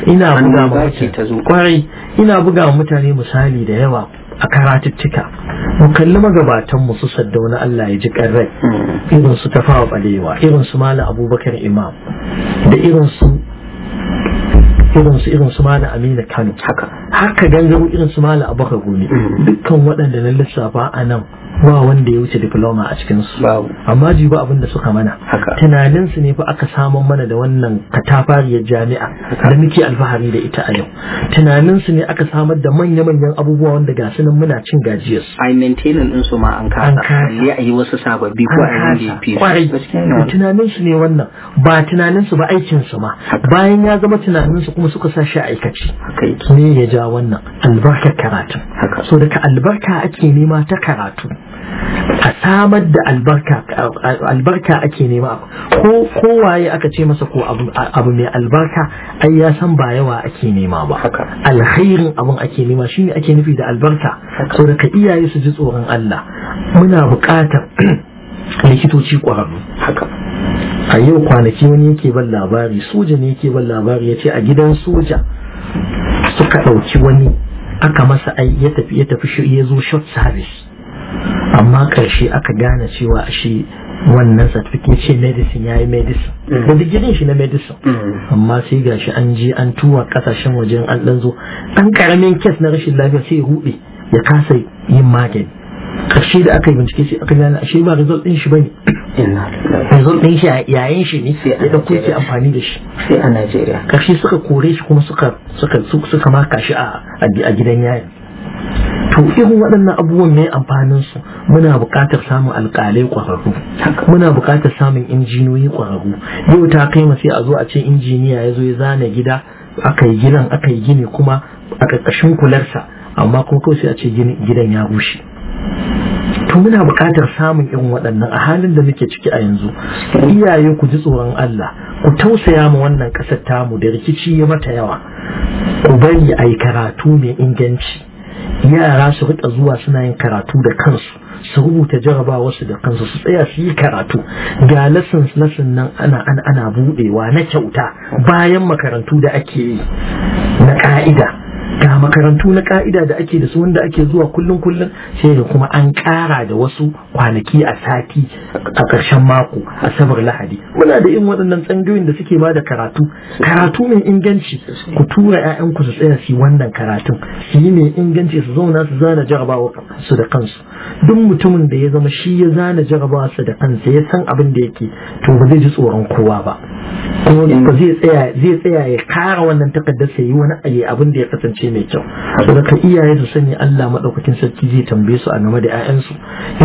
ina buga mutane ina buga mutane musamman misali da yawa a karatuttuka mu kalli magabatan mu su saddauna Allah ya ji karrai mm. irin su tafawa balewa irin su mala abubakar imam da irin su irin su irin su mala amina kano haka haka gangaro irin su mala abubakar gumi mm. dukkan waɗanda na lissafa a nan ba wanda ya wuce diploma a cikin su amma ji ba abin da suka mana tunanin su ne fa aka samu mana da wannan katafariyar jami'a da muke alfahari da ita a yau tunanin su ne aka samar da manya-manyan abubuwa wanda ga su nan muna cin gajiyar su ai maintaining din su ma an kasa ya yi wasu sababbi ko a yi kwarai tunanin su ne wannan ba tunanin su ba aikin su ma bayan ya zama tunanin su kuma suka sa shi aikaci ne ya ja wannan albarkar karatu so daga albarka ake nema ta karatu a samar da albarka ake nema ko kowaye aka ce masa ko abu mai albarka ai ya san ba yawa ake nema ba alkhairin abun ake nema shine ake nufi da albarka so da ka iyaye su ji tsoron Allah muna bukatar likitoci ƙwararru haka a yau kwanaki wani yake ban labari soja ne yake ban labari ya ce a gidan soja suka ɗauki wani aka masa ai ya tafi ya tafi ya zo short service amma karshe aka gane cewa shi wannan satifiki ce medicine ya yi medicine da digirin shi na medicine amma sai shi an je an tuwa kasashen wajen an dan zo dan karamin kes na rashin lafiya sai ya hube ya kasa yin magani karshe da aka yi bincike sai aka gane ashe ba result din shi bane result din shi yayin shi ne ya da kuke amfani da shi sai a Najeriya karshe suka kore shi kuma suka suka suka maka shi a gidan yayin to irin waɗannan abubuwan mai amfanin su muna buƙatar samun alƙalai ƙwararru muna buƙatar samun injiniyoyi ƙwararru yau ta kai sai a zo a ce injiniya ya zo ya zane gida aka yi gidan aka yi gini kuma a ƙarƙashin kularsa amma kuma kawai sai a ce gidan ya rushe to muna buƙatar samun irin waɗannan a halin da muke ciki a yanzu iyaye ku ji tsoron Allah ku tausaya mu wannan ƙasar tamu da rikici ya mata yawa ku bari a yi karatu mai inganci yara su rika zuwa suna yin karatu da kansu su rubuta jarabawarsu da kansu su tsaya su yi karatu ga lessons lesson nan ana ana ana budewa na kyauta bayan makarantu da ake yi na ka'ida ga makarantu na ka'ida da ake da su wanda ake zuwa kullum kullum sai da kuma an kara da wasu kwanaki a sati a ƙarshen mako a sabar lahadi muna da irin waɗannan tsangiyoyin da suke ba da karatu karatu mai inganci ku tura 'ya'yanku su tsaya su wannan karatun su yi mai inganci su zauna su zana jarabawa su da kansu duk mutumin da ya zama shi ya zana jarabawa su da kansa ya san abin da yake to ba zai ji tsoron kowa ba kuma zai tsaya zai tsaya ya kara wannan takardar sai yi wani aye abin da ya kasance mai kyau saboda ka iyaye su sani Allah madaukakin sarki zai tambaye su a game da 'ya'yansu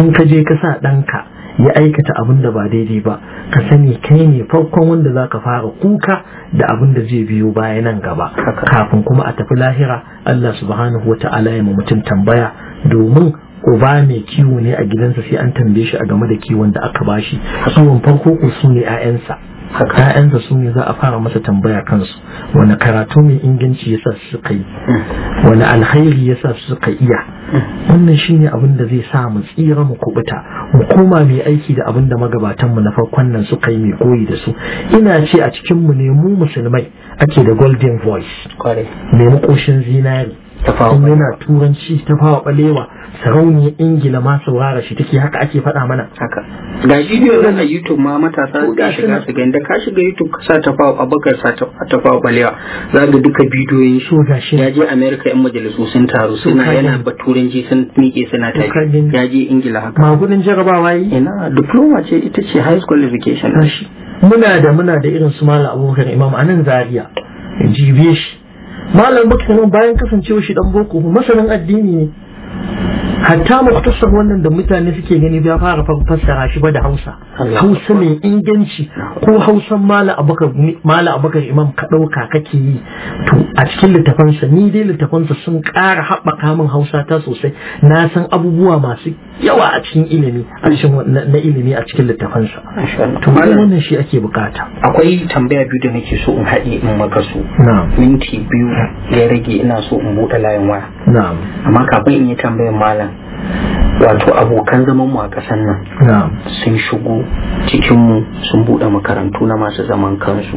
in ka je ka sa ɗanka ya aikata abin da ba daidai ba ka sani kai ne farkon wanda za ka fara kuka da abin da zai biyo baya nan gaba kafin kuma a tafi lahira Allah subhanahu wa ta'ala ya mutum tambaya domin uba mai kiwo ne a gidansa sai an tambaye shi a game da kiwon da aka bashi kiwon farko ko su ne 'ya'yansa a ƴaƴansa su ne za a fara masa tambaya kansu wani karatu mai inganci ya sa su yi wani alkhairi ya sa suka iya wannan shi ne abin da zai sa mu tsira mu kubuta mu koma mai aiki da abin da magabatanmu na farkon nan suka yi mai koyi da su ina ce a cikinmu ne mu musulmai ake da golden voice mai makoshin zinari tafawa yana turanci tafawa balewa sarauniyar ingila ma wara shi take haka ake faɗa mana haka ga bidiyo nan a youtube ma matasa da shiga su ga inda ka shiga youtube ka sa tafawa abakar sa tafawa balewa za ga duka bidiyoyin shi ya je america yan majalisu sun taru suna yana ba turanci sun miƙe suna tafi ya je ingila haka magunin jarabawa yi ina diploma ce ita ce high school education muna da muna da irin su malam abubakar imam anan zaria jibe shi malam bakta bayan kasancewa shi dan boko masanin addini ne hatta muktasar wannan da mutane suke gani ya fara fassara shi ba da hausa hausa mai inganci ko hausan mala abakar imam ka ɗauka kake yi to a cikin littafansa ni dai littafansa sun ƙara haɓaka min hausa ta sosai na san abubuwa masu yawa a cikin ilimi a cikin na ilimi a cikin littafansa to wannan shi ake bukata akwai tambaya biyu da nake so in haɗe in maka su minti biyu ya rage ina so in buɗe layin waya amma kafin in yi tambayar malam wato abokan zaman mu a kasan nan sun shigo cikin mu sun buɗe makarantu na masu zaman kansu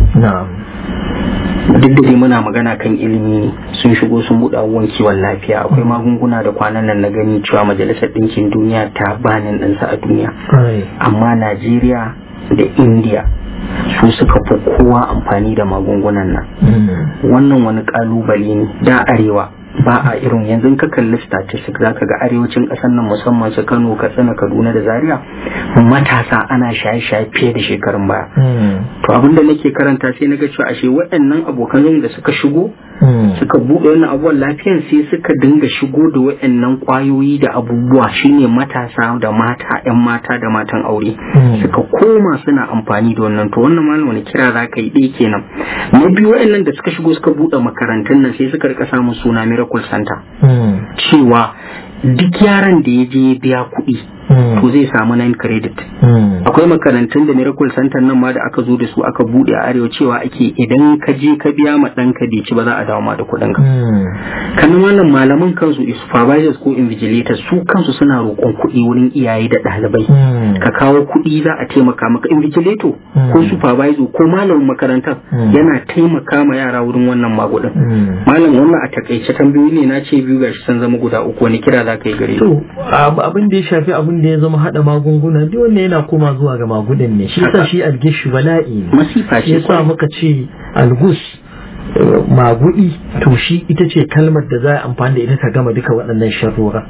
duk da muna magana kan ilimi sun shigo sun buɗe abubuwan kiwon lafiya akwai magunguna da kwanan nan na gani cewa majalisar ɗinkin duniya ta banin ɗinsa a duniya amma najeriya da indiya su suka fi kowa amfani da magungunan nan mm. wannan wani ƙalubale ne da arewa ba a irin yanzu ka kalli statistics za ka ga arewacin ƙasar nan musamman su kano katsina kaduna da zaria matasa ana shaye-shaye fiye da shekarun baya hmm. to abin da nake karanta sai naga cewa ashe waɗannan abokan zan da suka shigo hmm. suka buɗe wannan abubuwan lafiyan sai suka dinga shigo da waɗannan ƙwayoyi da abubuwa shine matasa da mata 'yan mata da matan aure hmm. suka koma suna amfani da wannan to wannan malam wani kira za ka yi ɗaya kenan na biyu waɗannan da suka shigo suka buɗe makarantun nan sai suka rika samun suna mira miracle center hmm. cewa duk yaran da ya je biya kuɗi hmm. to zai samu nine credit hmm. akwai makarantun da miracle center nan ma da aka zo da su aka buɗe a arewa cewa ake idan ka je ka biya ma ɗanka bai ci ba za a dawo ma da kuɗin ka hmm. kamar wannan malaman kansu supervisors ko invigilators su kansu suna roƙon kuɗi wurin iyaye da ɗalibai ka kawo kuɗi za a taimaka maka invigilator ko supervisor ko malamin makarantar yana taimaka ma yara wurin wannan magudin malam wannan a takaice tambayoyi ne na ce biyu gashi sun zama guda uku wani kira za ka yi gare to abin da ya shafi abin da ya zama hada magunguna duk wanda yana koma zuwa ga magudan ne shi yasa shi algishu bala'i masifa shi yasa muka ce algus eh, magudi to shi ita ce kalmar da za a amfani da ita ta gama duka waɗannan sharrora.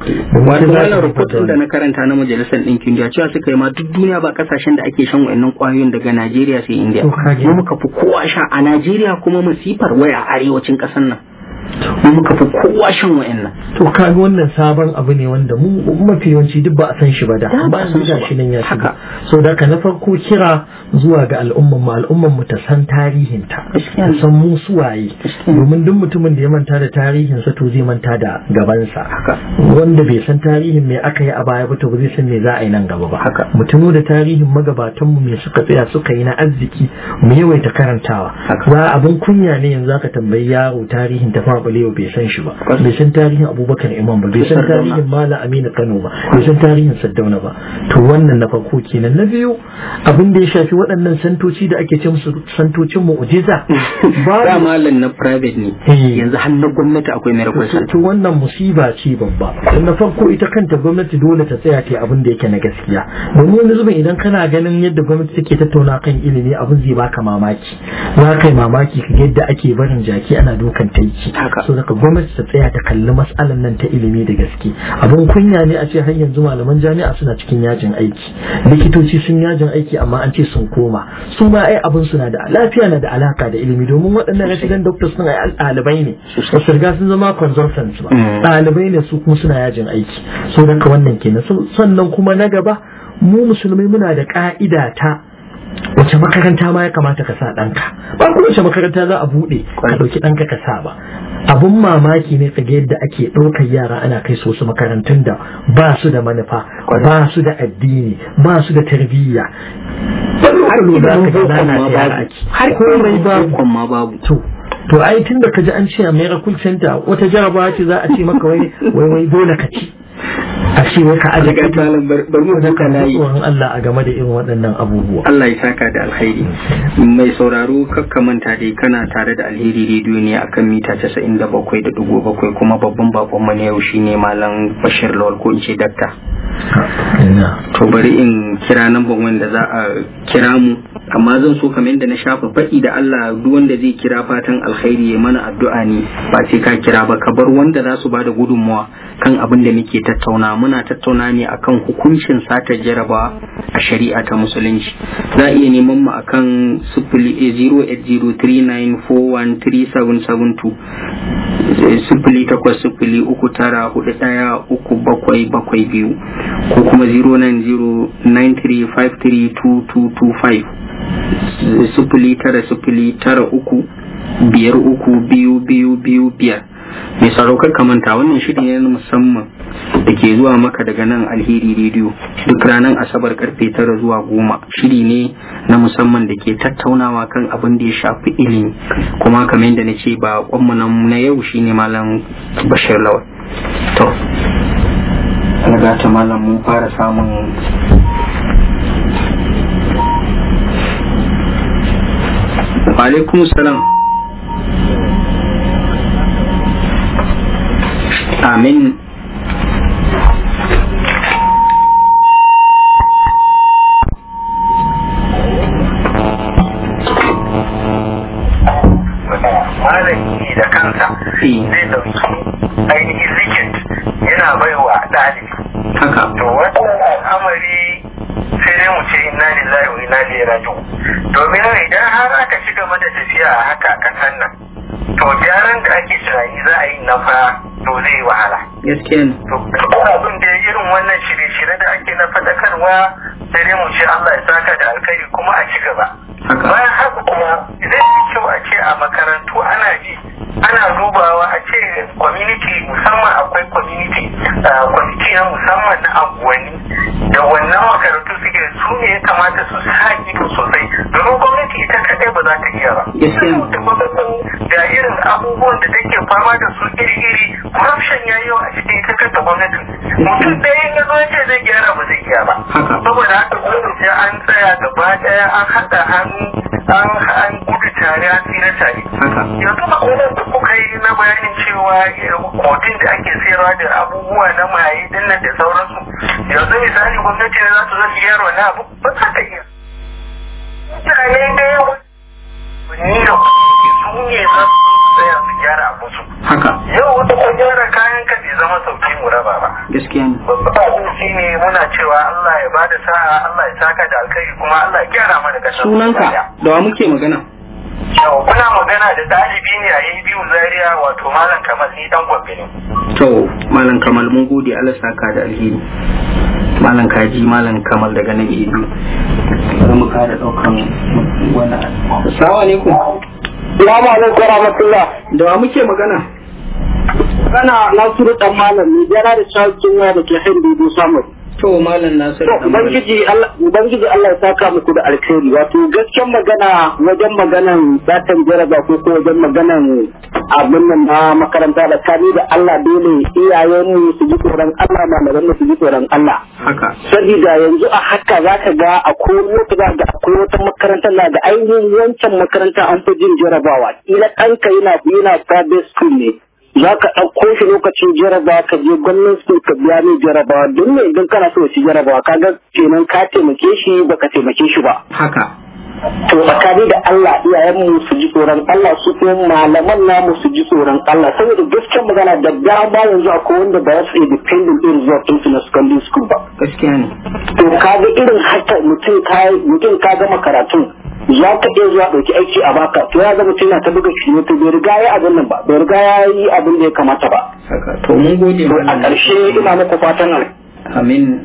Wato wannan rubutun da na karanta na majalisar ɗinkin duniya cewa suka yi ma duk duniya ba kasashen da ake shan wa'annan ƙwayoyin daga Najeriya sai Indiya. Mu muka fi kowa sha a Najeriya kuma masifar waya a arewacin ƙasar nan. mu muka fi kowa shan wa'annan to kaga wannan sabon abu ne wanda mu mafi yawanci duk ba a san shi ba da ba san shi nan ya Haka. so da ka na farko kira zuwa ga al'umman mu al'umman mu ta san tarihin ta ta san mu waye. domin duk mutumin da ya manta da tarihin sa to zai manta da gaban sa wanda bai san tarihin me aka yi a baya ba to ba zai san me za a yi nan gaba ba haka mutuno da tarihin magabatan mu me suka tsaya suka yi na arziki mu yawaita karantawa za abin kunya ne yanzu aka tambayi yaro tarihin ta Umar Balewa bai san shi ba bai san tarihin Abubakar Imam ba bai san tarihin Malam Aminu Kano ba bai san tarihin Saddauna ba to wannan na farko kenan na biyu abin da ya shafi waɗannan santoci da ake ce musu santocin mu'jiza ba da malam na private ne eh. yanzu har na gwamnati akwai rakwai to wannan musiba ce babba na farko ita kanta gwamnati dole ta tsaya ta abin da yake na gaskiya domin wani zuba idan kana ganin yadda gwamnati take tattauna kan ilimi abin zai baka mamaki za ka yi mamaki ka yadda ake barin jaki ana dokan taiki haka so daga gwamnati ta tsaya ta kalli matsalan nan ta ilimi da gaske abin kunya ne a ce har yanzu malaman jami'a suna cikin yajin aiki likitoci sun yajin aiki amma an ce sun koma su ma ai abin suna da lafiya na da alaka da ilimi domin waɗannan resident doctor sun ai ɗalibai ne ba su riga sun zama consultants ba mm. ɗalibai ne su kuma suna yajin aiki so daga wannan kenan sannan kuma na gaba mu musulmai muna da ka'ida ta wace makaranta ma ya kamata ka sa ɗanka ba kuma wace makaranta za a buɗe ka ɗauki ɗanka ka sa ba abun mamaki ne kaga yadda ake ɗaukar yara ana kai su wasu makarantun da ba su da manufa ba su da addini ba su da tarbiyya har ko mai babu to ai tun da ka ji an ce a miracle center wata jarabawa ce za a ce maka wai wai dole ka ci a ce wai ka aje ka bar mu duka nayi Allah a game da irin waɗannan abubuwa Allah ya saka da alheri mai sauraro kakka manta dai kana tare da alheri rediyo ne akan mita 97.7 kuma babban bakon mu ne yau shine malam Bashir Lawal ko in ce dakta to bari in kira namban wanda za a kira mu amma zan so kamar yadda na shafa faɗi da Allah duk wanda zai kira fatan alkhairi ya mana addu'a ne ba sai ka kira ba ka bar wanda za su bada gudunmawa kan abin da muke tattauna muna tattauna ne akan hukuncin sata jaraba a shari'a ta musulunci za a iya neman mu akan 08039413772 eh, eh, sifili takwas sifili uku tara hudu daya uku bakwai bakwai biyu ko kuma 09093532225 sufuli tara sufuli tara uku biyar uku biyu biyu biyu biyar mai kamanta wannan shirin yana musamman da ke zuwa maka daga nan alheri rediyo duk ranar asabar karfe tara zuwa goma shiri ne na musamman da ke tattaunawa kan abin da ya shafi ilimi kuma kamar yadda na ce ba kwanmu na yau shine malam bashir lawal gata malam mun fara samun alaikum salam amin malami da kansa zai dauki ainihin riket yana baiwa ɗalibi haka to wannan al'amari sai dai mu ce inna lillahi wa inna ilaihi raji'un domin idan har aka ci gaba da tafiya a haka a kasan nan to gyaran da ake tunani za a yi na fa to zai yi wahala gaskiya ne to abin da irin wannan shirye-shirye da ake na faɗakarwa sai dai mu ce Allah ya saka da alkhairi kuma a ci gaba bayan haka kuma idan ya kyau a ce a makarantu ana ji ana dubawa a ce community musamman akwai community kwamiti na musamman na anguwanni da wannan makarantu suke su ne ya kamata su sa ido sosai domin gwamnati ita kaɗai ba za ta iya ba. ga irin abubuwan da take fama da su iri-iri corruption ya yi a cikin kakar da gwamnati mutum ɗaya ya zo ce zai gyara ba zai gyara ba saboda haka gwamnati an tsaya gaba ɗaya an haɗa hannu an an gudu tare an tsira tare yanzu ba kuma da kuka yi na bayanin cewa eh, kotun da ake sayarwa da abubuwa na maye nan da sauransu yanzu misali gwamnati ne za su zo gyara wani abu ba za ta iya mutane da yawa ni da su ne za su tsaya su gyara a su haka yau wata ko gyara kayan ka bai zama sauki mu raba ba gaskiya ne babban abin shi ne muna cewa Allah ya bada sa'a Allah ya saka da alkai kuma Allah ya gyara mana kasar sunanka da wa muke magana yau kuna magana da ɗalibi ne a yi biyu Zariya wato malam kamal ni dan gombe ne to malam kamal mun gode Allah saka da alheri malam kaji malam kamal daga nan ido za ka kare daukan wani assalamu alaikum Salamu alaikum rahmatullah. Da wa muke magana? Kana Nasiru dan malam ne, yana da cikin waya da ke hindu samun. To malam Nasiru. ubangiji Allah ubangiji Allah ya saka muku da alkhairi wato gaskiyar magana wajen maganan satan jaraba ko ko wajen maganan abin nan ba makaranta da kani da Allah dole iyayen mu su ji tsoron Allah malaman mu su ji tsoron Allah. Haka. yanzu a haka zaka ga a kowace za ga a ta makaranta na da ainihin wancan makaranta an fi jin jarabawa. Ila ɗanka yana yana private school ne. za ka ɗauko shi lokacin jarabawa ka je gwamnan su ka biya mai jarabawa don ne idan kana so ci jaraba, ka ga kenan ka taimake shi ba ka taimake shi ba haka to tsakani da Allah iyayenmu su ji tsoron Allah su kuma malaman namu su ji tsoron Allah saboda gaskiyar magana da dama yanzu akwai wanda ba su yi dependent din zuwa tuntu na secondary school ba gaskiya ne to ka ga irin haka mutum ka gama karatun za ka iya zuwa ɗauki aiki a baka to ya zama tana ta buga shi to bai riga ya abin nan ba bai riga ya yi abin da ya kamata ba to mun gode mana a ƙarshe ina muku fatan nan amin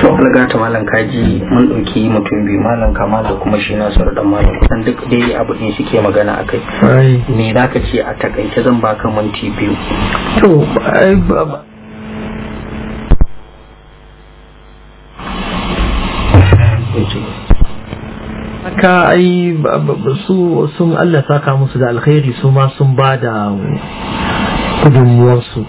to alga ta malam kaji mun ɗauki mutum biyu malam kama da kuma shi na sauran dan malam kusan duk dai abu ne suke magana a kai me za ka ce a takaice zan baka minti biyu to ai haka ai su sun Allah saka musu da alkhairi su ma sun ba da gudunmuwarsu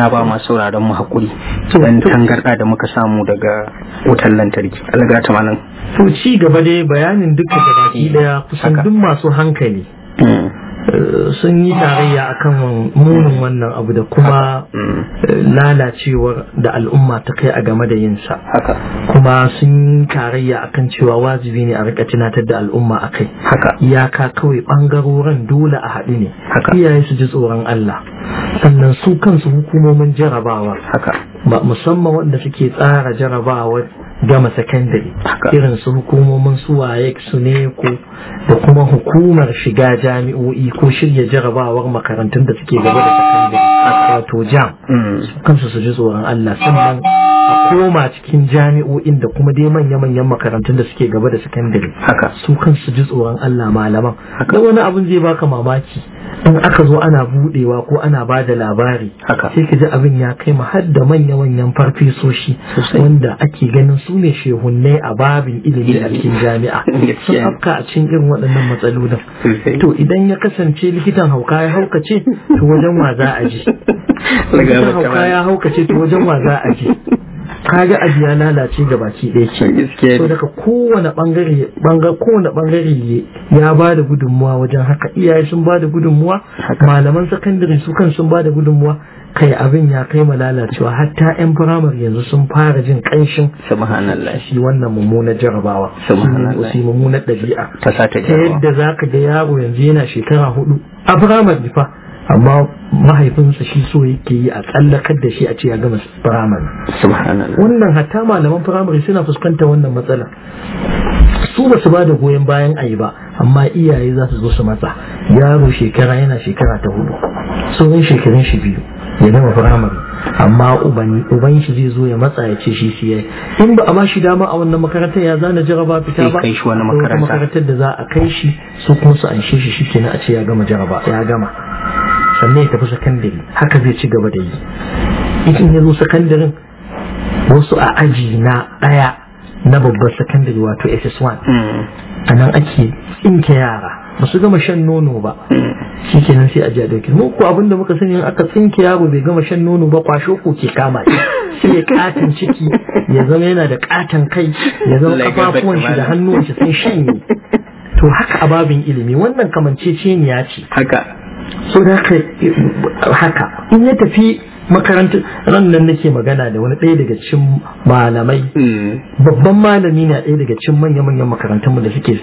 ana ba ma sauraron mu hakuri dan tangarda da muka samu daga wutar lantarki alga ta malam to ci gaba dai bayanin duka da baki daya eh, kusan duk masu hankali hmm. eh, sun yi tarayya akan munin wannan abu da kuma eh, lalacewar da al'umma ta kai a game da yinsa kuma sun yi tarayya akan cewa wajibi ne a rika tunatar da al'umma akai. Yaka iyaka kawai bangaroran dole a haɗu ne iyaye su ji tsoron Allah sannan su kansu hukumomin jarabawa haka musamman wanda suke tsara jarabawar gama sakandare irin su hukumomin su waye su ne ko da kuma hukumar shiga jami'o'i ko shirya jarabawar makarantun da suke gaba da sakandare wato jam mm. su kansu su ji tsoron Allah sannan a koma cikin jami'o'in da kuma dai manya-manyan makarantun da suke gaba da sakandare haka su kansu ji tsoron Allah malaman haka wani abin zai baka mamaki in aka zo ana budewa ko ana ba da labari sai ka ji abin ya kai ma har da manya-manyan farfesoshi wanda ake ganin su ne shehunnai a babin ilimi a cikin jami'a sun afka a cikin irin waɗannan matsalolin to idan ya kasance likitan hauka ya haukace to wajen wa za a je hauka ya haukace to wajen wa za a je Ka ga ajiya lalace ga baki ɗaya ce so daga kowane bangare kowane bangare ya ba da gudunmuwa wajen haka iyaye sun ba da gudunmuwa malaman sakandare su kan sun ba da gudunmuwa kai abin ya kai ma lalacewa hatta yan firamare yanzu sun fara jin kanshin subhanallah shi wannan mummunar jarabawa subhanallah shi mummunar dabi'a ta yadda ka ga yaro yanzu yana shekara hudu a firamare fa amma mahaifinsa shi so yake yi a tsallakar da shi a ce ya gama firamare wannan hatta malaman firamare suna fuskanta wannan matsala su ba su ba da goyon bayan ayi ba amma iyaye za su zo su matsa yaro shekara yana shekara ta hudu tsohon shekarun shi biyu ya gama firamare amma uban shi zai zo ya matsa ya ce shi siyai. in ba a ma shi dama a wannan makarantar ya zana jaraba fita ba kai shi wani makarantar da za a kai shi su kuma su anshe shi shi kenan a ce ya gama jaraba ya gama sannan ya tafi sakandare haka zai ci gaba da yi idan ya zo sakandaren wasu a aji na ɗaya na babbar sakandare wato ss1 a nan ake tsinke yara ba su gama shan nono ba shi nan sai a jiya a abin mu ko abinda muka sani in aka tsinke yaro bai gama shan nono ba kwasho ko ke kama shi sai ya katin ciki ya zama yana da katin kai ya zama kafafuwan shi da hannuwan shi sun shanye to haka ababin ilimi wannan kamanceceniya ce haka so da haka in ya tafi makaranta ran nan nake magana da wani ɗaya daga cikin malamai mm. babban malami na ɗaya daga cikin manya manyan makarantun da suke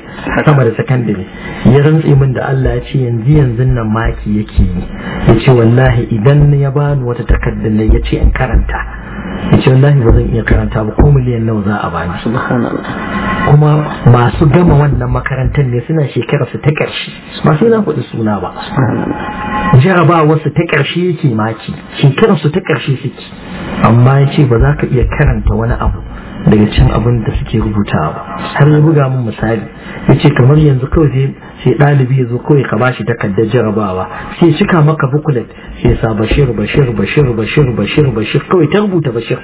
sama da sakandare ya rantse min da Allah ya ce yanzu yanzu nan maki yake yi ya ce wallahi idan ya bani wata takardar ya ce in karanta yace wallahi ba zan iya karanta ba ko miliyan nawa za a bani kuma masu gama wannan makarantar ne suna shekarar su ta ƙarshe ba sai na kuɗi suna ba jarabawar su ta ƙarshe yake maki shekarar su ta ƙarshe suke amma yace ba za ka iya karanta wani abu daga cin abin da suke rubuta ba har ya buga mun misali yace kamar yanzu kawai sai ɗalibi ya zo kawai ka bashi takardar jarabawa sai cika maka bukulet sai sa bashir bashir bashir bashir bashir bashir kawai ta rubuta bashir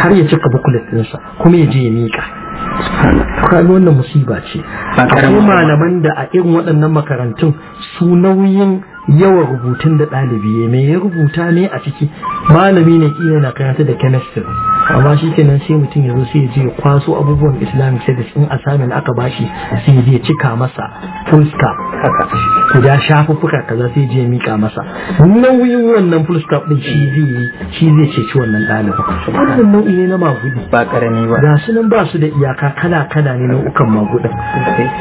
har ya cika bukulet ɗinsa kuma ya je ya miƙa kaga wannan musiba ce akwai malaman da a irin waɗannan makarantun su nauyin yawan rubutun da ɗalibi ya mai ya rubuta ne a ciki malami ne na karanta da chemistry amma shi kenan sai mutum ya zo sai je kwaso abubuwan islamic service in assignment aka bashi sai je cika masa fuska haka guda shafuffuka kaza sai je mika masa nauyin wannan fuska din shi zai shi zai ceci wannan ɗalibin wannan nau'i ne na magudi ba karami ba ga su ba su da iyaka kala kala ne nau'ukan magudin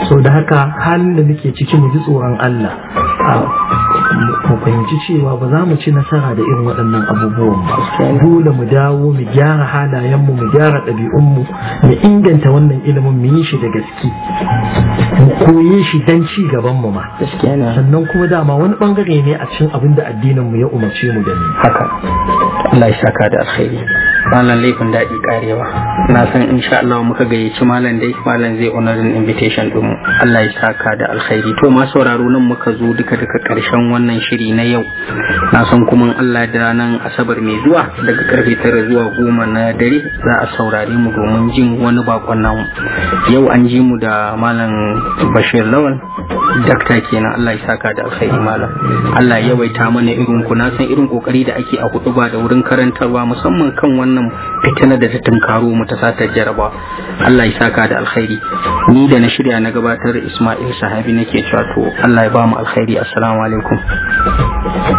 so da haka halin da muke ciki mu ji tsoron Allah mu fahimci cewa ba za mu ci nasara da irin waɗannan abubuwan ba dole mu dawo mu gyara halayenmu mu gyara ɗabi'unmu mu inganta wannan ilimin mu yi shi da gaske mu koye shi don ci gaban mu ma sannan kuma dama wani ɓangare ne a cikin abin da addinin mu ya umarce mu da ni haka Allah ya saka da alkhairi malam laifin daɗi karewa na san insha Allah muka gayyaci malam dai malam zai onarin invitation din Allah ya saka da alkhairi to ma sauraro nan muka zo duka duka karshen wannan shiri na yau na san kuma Allah da nan asabar mai zuwa daga karfe tara zuwa goma na dare za a saurare mu domin jin wani bakon namu yau an ji mu da malam Bashir Lawal dakta kenan Allah ya saka da alkhairi malam Allah ya yawaita mana irin ku na san irin kokari da ake a hudu ba da wurin karantarwa musamman kan wani wannan fitina da ta tunkaro mu ta satar jaraba Allah ya saka da alkhairi ni da na shirya na gabatar Ismail Sahabi nake cewa to Allah ya ba mu alkhairi assalamu alaikum